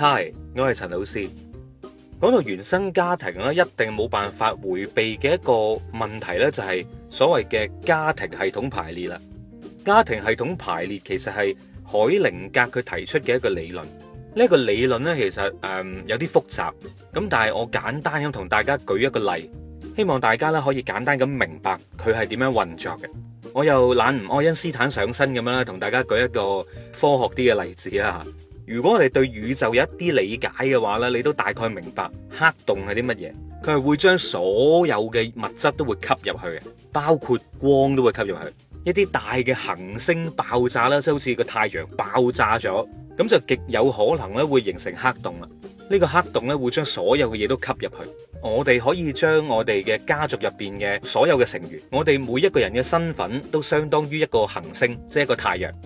嗨，Hi, 我係陳老師。講到原生家庭咧，一定冇辦法回避嘅一個問題呢，就係所謂嘅家庭系統排列啦。家庭系統排列其實係海靈格佢提出嘅一個理論。呢、這、一個理論呢，其實誒、嗯、有啲複雜。咁但係我簡單咁同大家舉一個例，希望大家呢可以簡單咁明白佢係點樣運作嘅。我又懶唔愛因斯坦上身咁樣啦，同大家舉一個科學啲嘅例子啦。如果我哋對宇宙有一啲理解嘅話呢，你都大概明白黑洞係啲乜嘢。佢係會將所有嘅物質都會吸入去嘅，包括光都會吸入去。一啲大嘅恆星爆炸啦，即、就是、好似個太陽爆炸咗，咁就極有可能咧會形成黑洞啦。呢、這個黑洞咧會將所有嘅嘢都吸入去。我哋可以將我哋嘅家族入邊嘅所有嘅成員，我哋每一個人嘅身份都相當於一個恆星，即、就、係、是、一個太陽。呢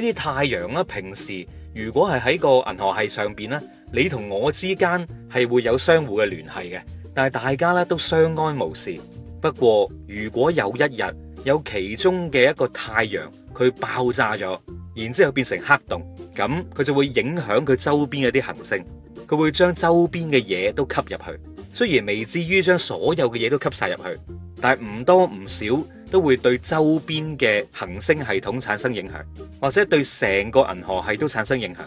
啲太陽咧，平時如果係喺個銀河系上邊呢，你同我之間係會有相互嘅聯繫嘅，但係大家咧都相安無事。不過如果有一日有其中嘅一個太陽佢爆炸咗，然之後變成黑洞，咁佢就會影響佢周邊嗰啲行星，佢會將周邊嘅嘢都吸入去。雖然未至於將所有嘅嘢都吸晒入去，但係唔多唔少。都會對周邊嘅行星系統產生影響，或者對成個銀河系都產生影響，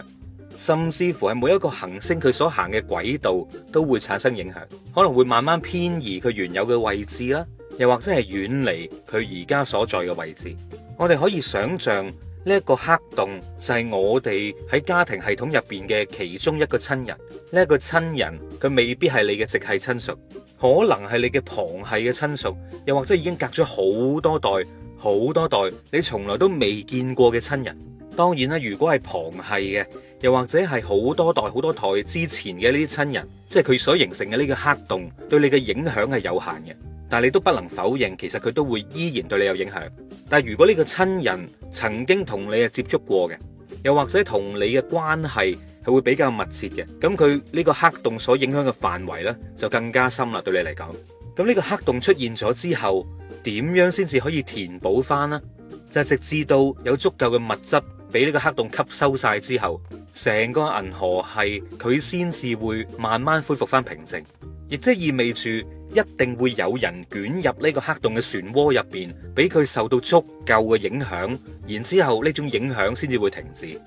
甚至乎係每一個行星佢所行嘅軌道都會產生影響，可能會慢慢偏移佢原有嘅位置啦，又或者係遠離佢而家所在嘅位置。我哋可以想像呢一個黑洞就係我哋喺家庭系統入邊嘅其中一個親人，呢一個親人佢未必係你嘅直系親屬。可能係你嘅旁係嘅親屬，又或者已經隔咗好多代、好多代，你從來都未見過嘅親人。當然啦，如果係旁係嘅，又或者係好多代、好多代之前嘅呢啲親人，即係佢所形成嘅呢個黑洞，對你嘅影響係有限嘅。但係你都不能否認，其實佢都會依然對你有影響。但係如果呢個親人曾經同你係接觸過嘅，又或者同你嘅關係。係會比較密切嘅，咁佢呢個黑洞所影響嘅範圍呢，就更加深啦，對你嚟講，咁呢個黑洞出現咗之後，點樣先至可以填補翻呢？就係直至到有足夠嘅物質俾呢個黑洞吸收晒之後，成個銀河系佢先至會慢慢恢復翻平靜，亦即意味住一定會有人捲入呢個黑洞嘅漩渦入邊，俾佢受到足夠嘅影響，然之後呢種影響先至會停止。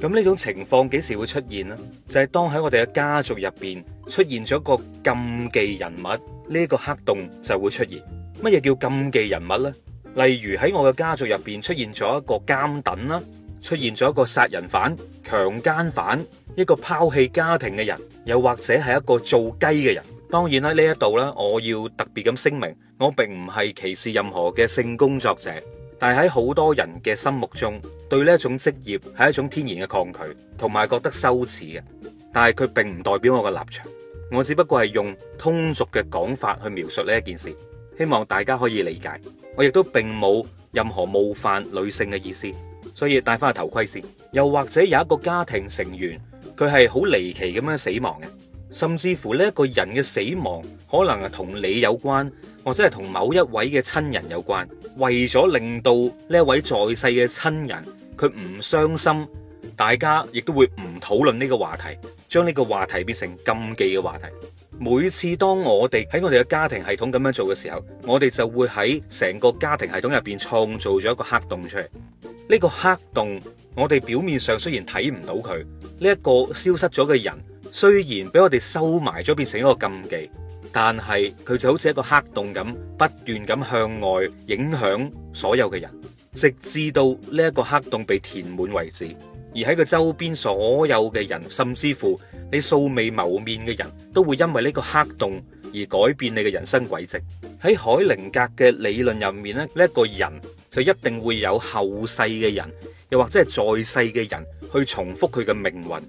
咁呢種情況幾時會出現呢？就係當喺我哋嘅家族入邊出現咗一個禁忌人物，呢個黑洞就會出現。乜嘢叫禁忌人物呢？例如喺我嘅家族入邊出現咗一個監躉啦，出現咗一個殺人犯、強姦犯，一個拋棄家庭嘅人，又或者係一個做雞嘅人。當然啦，呢一度啦，我要特別咁聲明，我並唔係歧視任何嘅性工作者。但係喺好多人嘅心目中，對呢一種職業係一種天然嘅抗拒，同埋覺得羞恥嘅。但係佢並唔代表我嘅立場，我只不過係用通俗嘅講法去描述呢一件事，希望大家可以理解。我亦都並冇任何冒犯女性嘅意思，所以戴翻個頭盔先。又或者有一個家庭成員，佢係好離奇咁樣死亡嘅。甚至乎呢一個人嘅死亡，可能係同你有關，或者係同某一位嘅親人有關。為咗令到呢一位在世嘅親人佢唔傷心，大家亦都會唔討論呢個話題，將呢個話題變成禁忌嘅話題。每次當我哋喺我哋嘅家庭系統咁樣做嘅時候，我哋就會喺成個家庭系統入邊創造咗一個黑洞出嚟。呢個黑洞，我哋表面上雖然睇唔到佢，呢一個消失咗嘅人。雖然俾我哋收埋咗，變成一個禁忌，但係佢就好似一個黑洞咁，不斷咁向外影響所有嘅人，直至到呢一個黑洞被填滿為止。而喺佢周邊所有嘅人，甚至乎你素未謀面嘅人都會因為呢個黑洞而改變你嘅人生軌跡。喺海靈格嘅理論入面咧，呢一個人就一定會有後世嘅人，又或者係在世嘅人去重複佢嘅命運。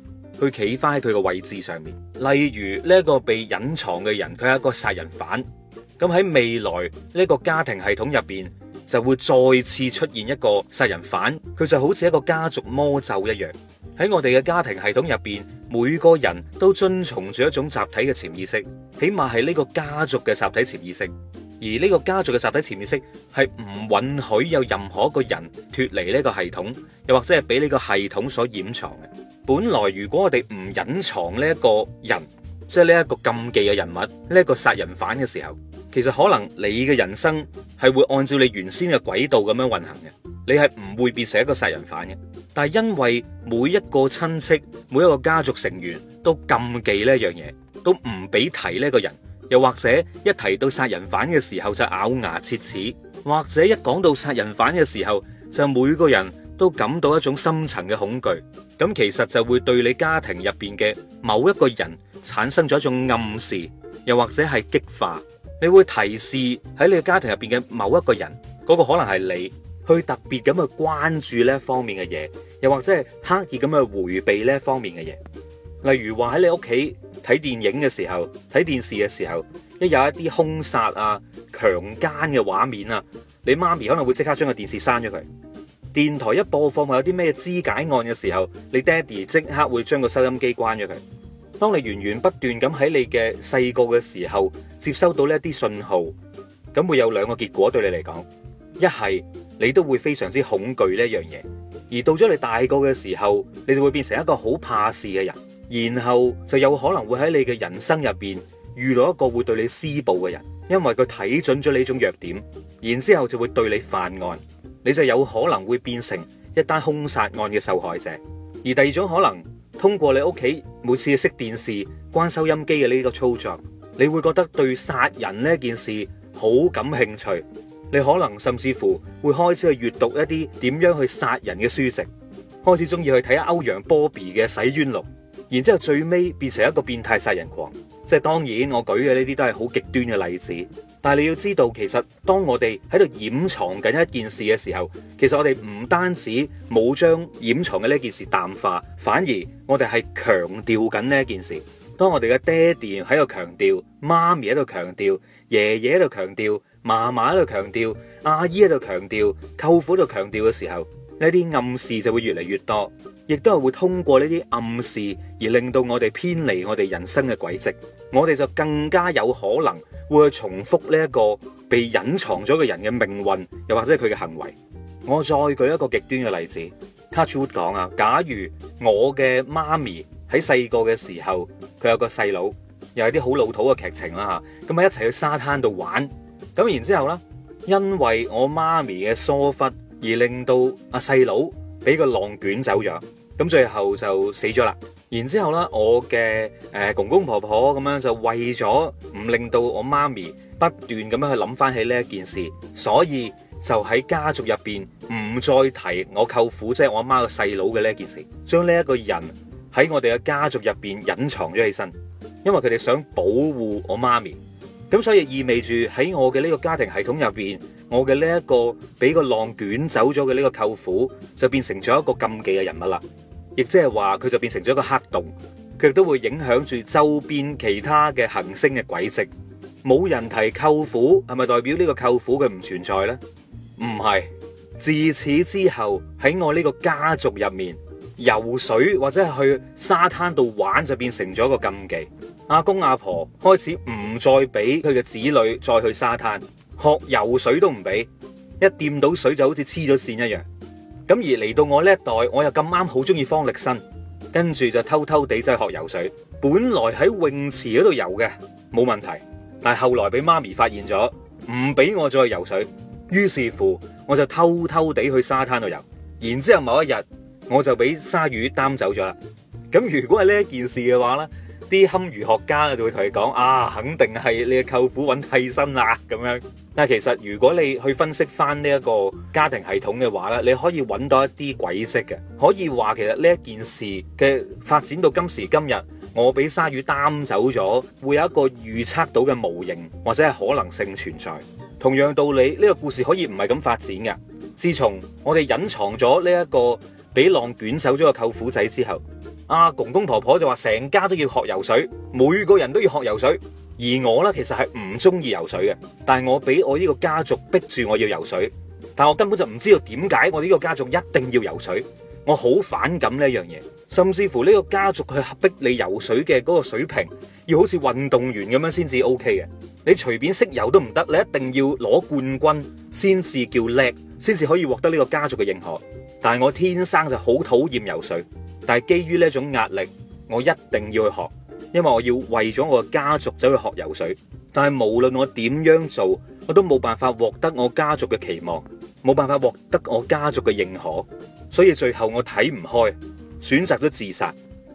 佢企翻喺佢嘅位置上面，例如呢個被隱藏嘅人，佢係一個殺人犯。咁喺未來呢個家庭系統入邊，就會再次出現一個殺人犯。佢就好似一個家族魔咒一樣，喺我哋嘅家庭系統入邊，每個人都遵從住一種集體嘅潛意識，起碼係呢個家族嘅集體潛意識。而呢個家族嘅集體潛意識係唔允許有任何一個人脫離呢個系統，又或者係俾呢個系統所掩藏嘅。本來如果我哋唔隱藏呢一個人，即係呢一個禁忌嘅人物，呢一個殺人犯嘅時候，其實可能你嘅人生係會按照你原先嘅軌道咁樣運行嘅，你係唔會變成一個殺人犯嘅。但係因為每一個親戚、每一個家族成員都禁忌呢樣嘢，都唔俾提呢個人，又或者一提到殺人犯嘅時候就咬牙切齒，或者一講到殺人犯嘅時候就每個人，都感到一種深層嘅恐懼，咁其實就會對你家庭入邊嘅某一個人產生咗一種暗示，又或者係激化，你會提示喺你嘅家庭入邊嘅某一個人，嗰個可能係你，去特別咁去關注呢一方面嘅嘢，又或者係刻意咁去回避呢一方面嘅嘢，例如話喺你屋企睇電影嘅時候，睇電視嘅時候，一有一啲凶殺啊、強姦嘅畫面啊，你媽咪可能會即刻將個電視刪咗佢。電台一播放有啲咩肢解案嘅時候，你爹哋即刻會將個收音機關咗佢。當你源源不斷咁喺你嘅細個嘅時候接收到呢啲信號，咁會有兩個結果對你嚟講，一係你都會非常之恐懼呢樣嘢，而到咗你大個嘅時候，你就會變成一個好怕事嘅人，然後就有可能會喺你嘅人生入邊遇到一個會對你施暴嘅人，因為佢睇準咗呢種弱點，然之後就會對你犯案。你就有可能會變成一單兇殺案嘅受害者，而第二種可能，通過你屋企每次熄電視、關收音機嘅呢個操作，你會覺得對殺人呢件事好感興趣，你可能甚至乎會開始去閱讀一啲點樣去殺人嘅書籍，開始中意去睇歐陽波比嘅《洗冤錄》，然之後最尾變成一個變態殺人狂。即係當然，我舉嘅呢啲都係好極端嘅例子。但係你要知道，其實當我哋喺度掩藏緊一件事嘅時候，其實我哋唔單止冇將掩藏嘅呢件事淡化，反而我哋係強調緊呢件事。當我哋嘅爹哋喺度強調，媽咪喺度強調，爺爺喺度強調，嫲嫲喺度強調，阿姨喺度強調，舅父喺度強調嘅時候，呢啲暗示就會越嚟越多，亦都係會通過呢啲暗示而令到我哋偏離我哋人生嘅軌跡。我哋就更加有可能會去重複呢一個被隱藏咗嘅人嘅命運，又或者係佢嘅行為。我再舉一個極端嘅例子，Touchwood 講啊，假如我嘅媽咪喺細個嘅時候，佢有個細佬，又係啲好老土嘅劇情啦嚇，咁啊一齊去沙灘度玩，咁然之後啦，因為我媽咪嘅疏忽而令到阿細佬俾個浪捲走咗。咁最後就死咗啦。然之後咧，我嘅、誒、呃、公公婆婆咁樣就為咗唔令到我媽咪不斷咁樣去諗翻起呢一件事，所以就喺家族入邊唔再提我舅父，即係我阿媽個細佬嘅呢一件事，將呢一個人喺我哋嘅家族入邊隱藏咗起身，因為佢哋想保護我媽咪。咁所以意味住喺我嘅呢個家庭系統入邊，我嘅呢一個俾個浪捲走咗嘅呢個舅父，就變成咗一個禁忌嘅人物啦。亦即係話佢就變成咗一個黑洞，佢亦都會影響住周邊其他嘅行星嘅軌跡。冇人提舅父，係咪代表呢個舅父佢唔存在呢？唔係，自此之後喺我呢個家族入面，游水或者去沙灘度玩就變成咗一個禁忌。阿公阿婆開始唔再俾佢嘅子女再去沙灘學游水都唔俾，一掂到水就好似黐咗線一樣。咁而嚟到我呢一代，我又咁啱好中意方力申，跟住就偷偷地走去學游水。本來喺泳池嗰度游嘅冇問題，但係後來俾媽咪發現咗，唔俾我再游水。於是乎，我就偷偷地去沙灘度游。然之後某一日，我就俾鯊魚擔走咗啦。咁如果係呢一件事嘅話咧？啲堪輿學家就會同你講啊，肯定係你嘅舅父揾替身啦、啊、咁樣。但其實如果你去分析翻呢一個家庭系統嘅話咧，你可以揾到一啲軌跡嘅，可以話其實呢一件事嘅發展到今時今日，我俾鯊魚擔走咗，會有一個預測到嘅模型或者係可能性存在。同樣道理，呢、呢個故事可以唔係咁發展嘅。自從我哋隱藏咗呢一個俾浪捲走咗個舅父仔之後。阿公公婆婆就話成家都要學游水，每個人都要學游水。而我呢，其實係唔中意游水嘅，但係我俾我呢個家族逼住我要游水。但我根本就唔知道點解我呢個家族一定要游水，我好反感呢樣嘢。甚至乎呢個家族去逼你游水嘅嗰個水平，要好似運動員咁樣先至 OK 嘅。你隨便識游都唔得，你一定要攞冠軍先至叫叻，先至可以獲得呢個家族嘅認可。但係我天生就好討厭游水。但係基於呢種壓力，我一定要去學，因為我要為咗我嘅家族走去學游水。但係無論我點樣做，我都冇辦法獲得我家族嘅期望，冇辦法獲得我家族嘅認可，所以最後我睇唔開，選擇咗自殺。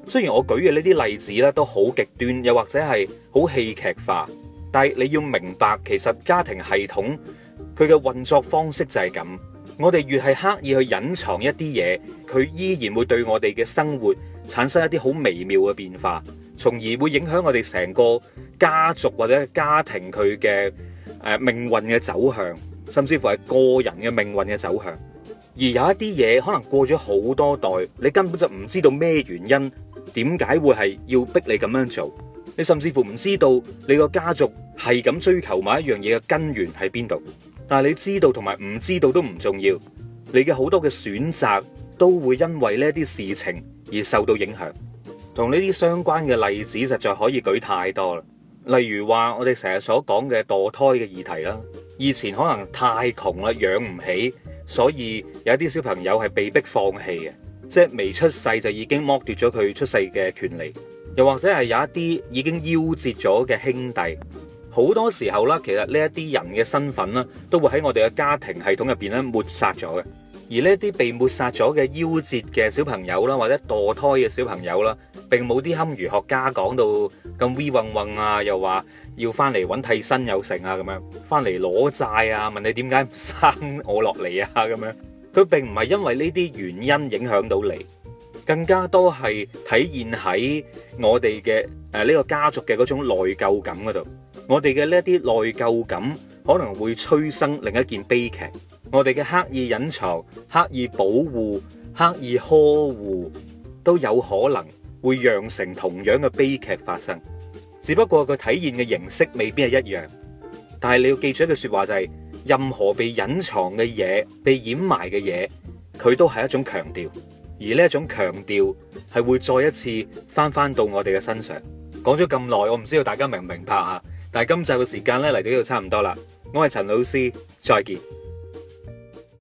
雖然我舉嘅呢啲例子咧都好極端，又或者係好戲劇化，但係你要明白，其實家庭系統佢嘅運作方式就係咁。我哋越係刻意去隱藏一啲嘢，佢依然會對我哋嘅生活產生一啲好微妙嘅變化，從而會影響我哋成個家族或者家庭佢嘅誒命運嘅走向，甚至乎係個人嘅命運嘅走向。而有一啲嘢可能過咗好多代，你根本就唔知道咩原因，點解會係要逼你咁樣做，你甚至乎唔知道你個家族係咁追求某一樣嘢嘅根源喺邊度。但係你知道同埋唔知道都唔重要，你嘅好多嘅選擇都會因為呢啲事情而受到影響，同呢啲相關嘅例子實在可以舉太多啦。例如話我哋成日所講嘅墮胎嘅議題啦，以前可能太窮啦養唔起，所以有一啲小朋友係被迫放棄嘅，即係未出世就已經剝奪咗佢出世嘅權利，又或者係有一啲已經夭折咗嘅兄弟。好多時候啦，其實呢一啲人嘅身份呢，都會喺我哋嘅家庭系統入邊呢抹殺咗嘅。而呢啲被抹殺咗嘅夭折嘅小朋友啦，或者墮胎嘅小朋友啦，並冇啲堪輿學家講到咁 we 運運啊，又話要翻嚟揾替身有成啊，咁樣翻嚟攞債啊，問你點解唔生我落嚟啊？咁樣佢並唔係因為呢啲原因影響到你，更加多係體現喺我哋嘅誒呢個家族嘅嗰種內疚感嗰度。我哋嘅呢啲內疚感，可能會催生另一件悲劇。我哋嘅刻意隱藏、刻意保護、刻意呵護，都有可能會釀成同樣嘅悲劇發生。只不過佢體現嘅形式未必係一樣。但係你要記住一句説話就係、是：任何被隱藏嘅嘢、被掩埋嘅嘢，佢都係一種強調。而呢一種強調係會再一次返返到我哋嘅身上。講咗咁耐，我唔知道大家明唔明白啊？但係今集嘅時間咧嚟，到呢度差唔多啦，我係陳老師，再見。